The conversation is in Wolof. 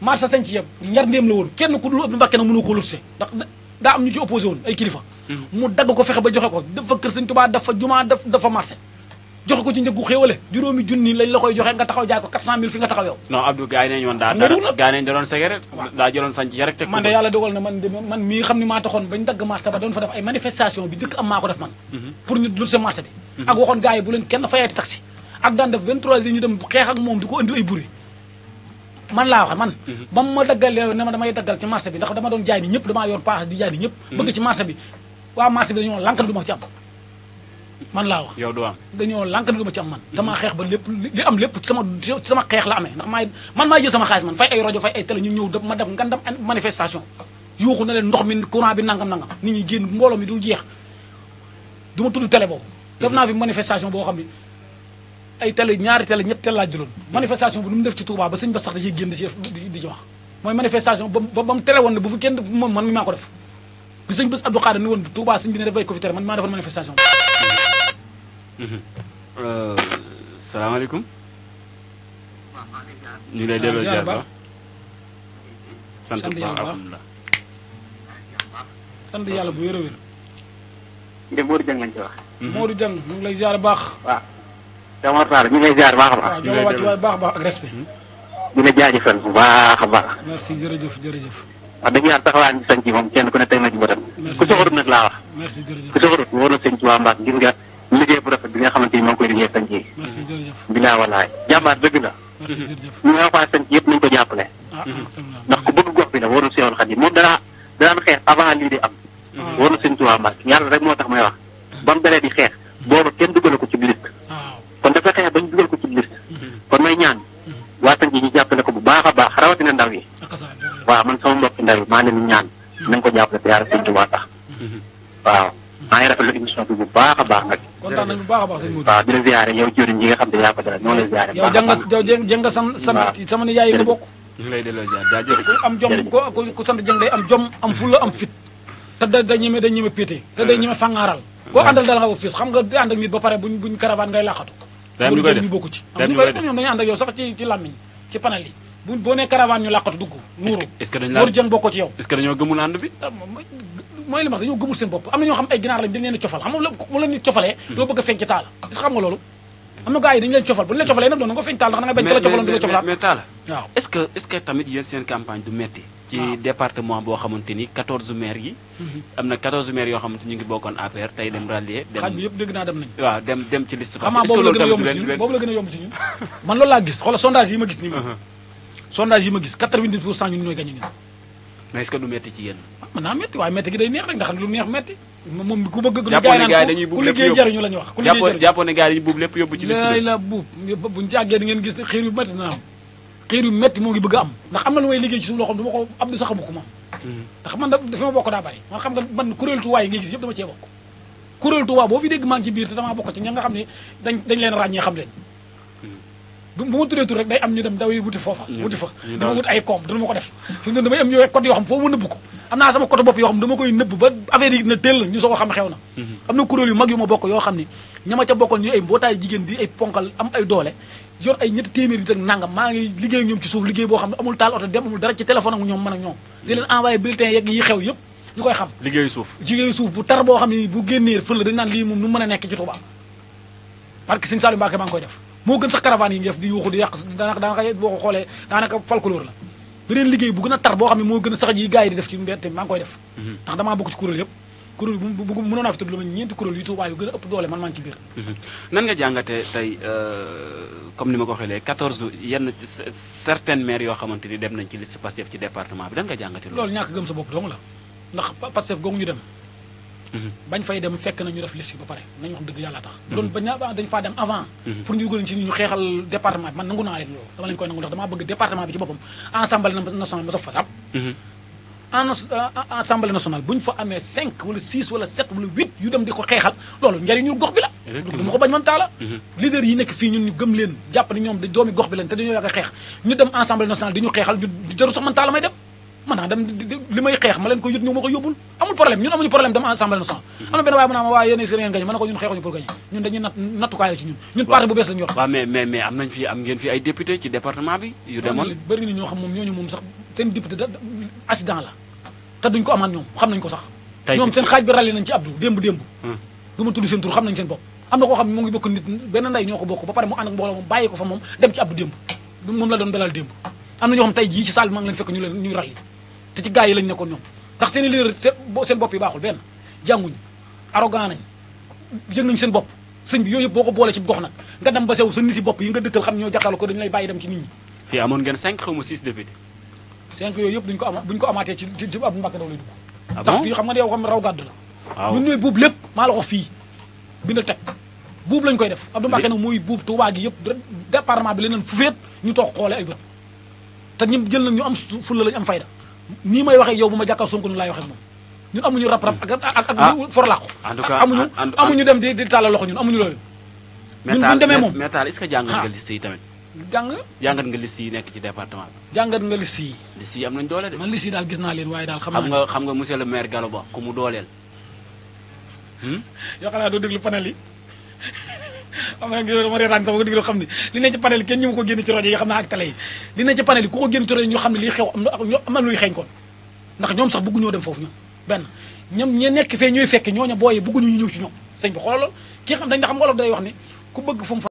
marché sañ ci yeb ñar ndéem la woon kenn ku dul Abdou Mbacké nag mënoo ko lutse ndax daa am ñu ci opposé woon ay kilifa mhm. mu dagg ko fexe ba joxe ko dafa kër Sëñ Tuubaa dafa jumaa daf dafa marché joxe ko ci njëgu xéewale juróomi junni lañ la koy joxe nga taxaw man mii xam ni maa taxoon bañ dagg marché ba doon fa def ay manifestation bi dëkk am maa def man mhm. pour ñu lutse marché bi mhm. ak waxoon gars bu leen kenn fayeeti taxi ak daan def 23 heures ñu dem xeex moom di ko andil ay buri man laa wax man mhm. ba ma daggalee ne ma damay daggal ci marché bi ndax dama doon jaay ni ñëpp damaa yor paas di jaay ni ñëpp mhm. bëgg ci marché bi waa marché bi dañoo lànk ne du man laa wax yow du am dañoo lànk ne du ma ci am man damaa xeex ba lépp am lépp sama sama xeex la amee ndax maay man maa jël man fay ay rajo fay ay télé ñu ñëw def ma def ngandam manifestation yuuxu na leen ndox mi courant bi nangam nangam ni ñi génn mbooloo mi jeex du ma tudd télé boo def mhm. naa fi manifestation boo xam ni ay télé ñaari télé ñett télé laa jëloon manifestation bu nu mu def ci Touba ba sëñ ba sax da ciy génn di ci wax mooy manifestation ba ba mu tere woon ne bu fi kenn moom man ko def bi sëñ bés Abdou Khadre ni woon Touba sëñ bi ne def bay ko fi tere man maa defoon mhm. euh, lay delloo baax a baax. dama taal ñu ngi jaar baax a baax. ñu ngi lay delloo bu baax baax. merci jërëjëf jërëjëf. wax dëgg yàlla taxawaan sañ ci moom kenn ku ne teg na ci bëtam. ku soxorut laa wax. merci jërëjëf ku soxorut wóor na sëñ ci waa Mbacké gis nga bu rafet bi nga xamante ni moo ngi koy liggéey sañ ci. merci jërëjëf bilaa walaay jàmbaar dëgg la. merci jërëjëf ñu nga waa sañ ci yëpp nañu ko jàppale. Ah, ah, ndax ku bëgg gox bi la wóor na Seexul Xadiim moom da danaan xeex avant lii di am. Ah. wóor na sëñ ci waa Mbacké yàlla rek moo tax may wax. ba mu dalee di xeex boobu kenn dugal ko ci biir kon dafa fexe ba ñu dugal ko ci liste kon may ñaan waa Tëngéej ñu jàppale ko bu baax a baax rawatina ndaw yi waaw man sama mbokk ndaw yi maa ne ñu ñaan nañ ko jàppale te yàlla sëñ Tuubaa tax waaw maa ngi rafetlu émission bu baax a baax nag baax a baax sëñ Modou waaw di la ziare yow jëriñ yi nga xam ne yaa nga sam sam sama ne yaay nga bokk lay delloo ziar jaajëf ku am jom ku sant jëng day am jom am fulla am fit te da da ñeme da ñeme pété te day ñeme fàngaaral koo àndal dal nga ko fiis xam nga ànd ak nit ba pare buñ buñ caravane ngay laqatu day am ñu ci am ñu ñoom dañuy ànd ak yow sax ci làmmiñ ci panel bu boo nee caravane ñu làqatu dugg muuru est-ce jën bokkoo ci yow ah, mooy li ma dañoo gëmul seen bopp am na ñoo xam ay ginaar lañ dañ leen a cofal xam nga mu la nit cofalee hmm. doo bëgg a feeñ ci taala parce xam nga loolu am na gars yi dañu leen cofal bu ñu leen cofalee nag doon nga feeñ taal ndax da nga bañ la cofaloon du la cofalaat mais taala waaw est-ce que est-ce que tamit ci département boo xamante ni 14 maires yi. Mhm. am na 14 maires yoo xamante ñu ngi bokkoon APR tey dem rallier. dem xaaj bi yëpp dégg naa dem nañ. waaw dem dem ci liste. parce que boobu la gën a yomb ci ñun man loolu laa gis xoolal sondage yi ma gis nii. Mhm. sondage yi ma gis 90 pour cent ñun ñooy gagné ñun. mais est-ce du metti ci yéen. Ah, mën naa metti waaye metti gi day neex rek ndax lu neex metti. moom ku bëgg lu gaay naan ku liggéey jariñu xiir yu métti moo ngi bëgg am ndax am na lu may liggéey ci suuf loo xam du ma ko Abdou sax xamu ko moom ndax man dafa ma bokk daa bari man xam nga man kuréel tuwaa yi ngay gis yëpp xam ne dañ dañ leen ràññee xam leen bu ma tuddee tur rek day am ñu dem dawee wuti foofa wuti fa dafa wut ay koom damay am ñooy côté yoo xam foofu ma nëbb ko am naa sama côté bopp yoo xam dama koy nëbb ba affaire na teel ñu soo ko xam xew na mhm. am na kuréel yu mag yu ma bokk yoo xam ne ña ma ca bokkoon ñu ay mbootaay jigéen di ay doole yor ay ñetti téeméer yi ak nangam maa ngi liggéey ak ñoom ci suuf liggéey boo xam ne amul taal oto dem amul dara ci téléphone ak ñoom man ak ñoom di leen envoyé bulletin yeeg yi xew yëpp ñu koy xam liggéeyu suuf bu tar boo xam ne bu génnee fël la dañ naan lii moom nu mën a nekk ci Touba parce que Sëñ Saliou Mbacké maa ngi koy def moo gën ko xoolee daanaka folklore la beneen liggéey bu a tar boo xam ne moo gën a sax yi gars yi di def ci maa ngi koy def mhm. ndax damaa bokk ci kuréel yëpp kuréel bu bu mënoon naa fi tudd lu ma ñeenti kuréel yu Touba yu gën a ëpp doole man maa ci biir. Mhm. nan nga jàngatee tey euh, comme ni ma ko waxee léegi yenn certaines maires yoo xamante ni dem nañ ci liste Pastef ci département bi dan nga jàngatee loolu. loolu ñàkk gëm sa bopp dong la ndax Pastef googu mhm. fay dem fekk na def liste ba pare nañu wax dëgg yàlla tax. Mhm. doon ba dañ faa dem avant. pour ñu yóbbu ci ñu xeexal département bi man nangu naa leen loolu dama lañ koy nangu ndax damaa bëgg département bi ci boppam Euh, en assemblée nationale bu ñu fa amee 5 wala 6 wala 7 wala 8 yu dem di ko xeexal loolu njëriñul gox bi la. du ma ko bañ man taala mm-hmm. leader yi nekk fii ñun ñu gëm leen jàpp ne a xeex ñu dem assemblée nationale leen mm-hmm. am na benn waaye mu naan waaye yéen seen ngeen gañe ma ne ko ñun xeexuñu pour gañe ñun dañuy nat nattukaay ci ñun ñun parti bu bees lañu yor waaw mais ñoo xam moom ñooñu moom sax seen député da accident la te duñ ko amaat ñoom xam nañ ko sax. ñoom seen xaaj bi ràlli nañ ci Abdou démb démb. Hmm. du ma tudd seen tur xam nañ seen bopp. am na koo xam ne mu ngi bokk nit benn nday ñoo ko bokk ba pare mu ànd ak mbooloo moom bàyyi ko fa moom dem ci Abdou démb moom la doon leen fekk ñu leen ñuy ràlli te ci gaa yi lañ nekkoon ñoom ndax seen i leader seen bopp yi bopp sëñ bi yooyu boo ko boole ci gox nag nga dem ba sew sa nit yi bopp yi nga dëkkal xam ñoo jàkkaarloo ko dañu lay bàyyi dem ci nit ñi ngeen 5 xaw ma 6 députés cinq yooyu yëpp duñ ko ama buñ ko amaatee ci ci Abdou Mbacké Ndao lay dugg ah ndax fii xam nga ne raw gàddu la ñun ñooy buub lépp maa la wax fii bindal teg buub lañ koy def Abdou Mbacké nag mooy buub Tuubaa gi yëpp département bi leneen fu féet ñu toog xoole ay bët te ñu jël nag ñu am fulla lañu am fayda nii may waxee yow bu ma jàkkaar Sonko ni laay waxee moom ñun amuñu rap rap ak ak ak ah. forlaaku amuñu amuñu dem di di tàllal loxo ñun amuñu loolu ñun buñu demee moom mais taal est-ce que jàng ah. nga liste yi jàng jàngat nga liste yi nekk ci département bi jàngat nga liste yi liste yi am nañ doole de man liste yi daal gis naa leen waaye daal xam nga xam nga monsieur le maire Gallo Ba ku mu dooleel hmm? yoo xam naa doo déglu panel yi xam nga dama reetaan sama ko ne li ne ci panel yi kenn ñi ma ko génn ci rajo yi xam naa ak télé yi li ne ci panel yi ku ko génn ci rajo ñu xam ne lii xew am na luy xeeñ kon ndax ñoom sax bëggu ñoo dem foofu ñoom benn ñoom ñe nekk fee ñuy fekk ñooña booyee bëgguñu ñu ñëw ci ñoom sëñ bi xoolal ki xam dañ da xam wolof day wax ni ku bëgg fu mu